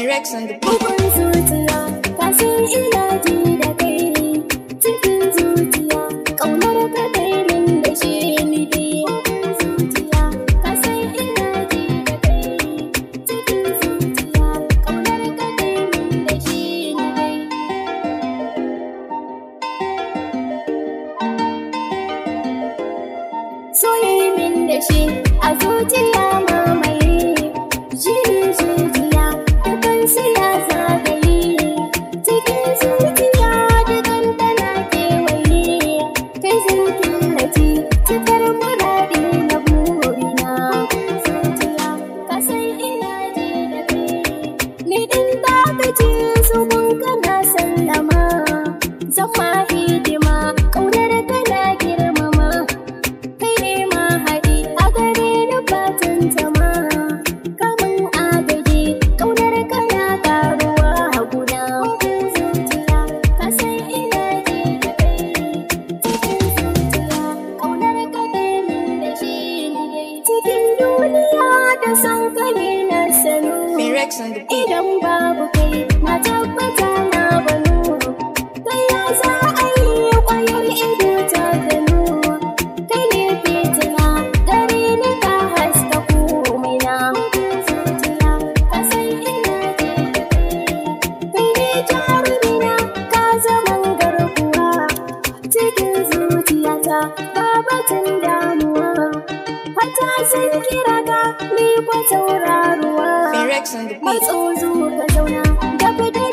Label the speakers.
Speaker 1: T Rex zuciya ka san ina ji da kai ne cikin zuciya kaunar ka kai nan da shi ni zuciya ka san ina ji da kai cikin zuciya kaunar ka kai nan da shi ni dai soyayyen da shi a zuciya da son ka na sanu idan babu kai na tabbata na banu ta ya za a yi kwayar ido ta gano kai ne fitila gare ne ka haska komina ka san ina ke kai ne jarumina ka zaman garkuwa cikin zuciyata babatin damuwa hata sun kira ni kwa tauraruwa. Ferex on the beat. Matso zo ka zauna,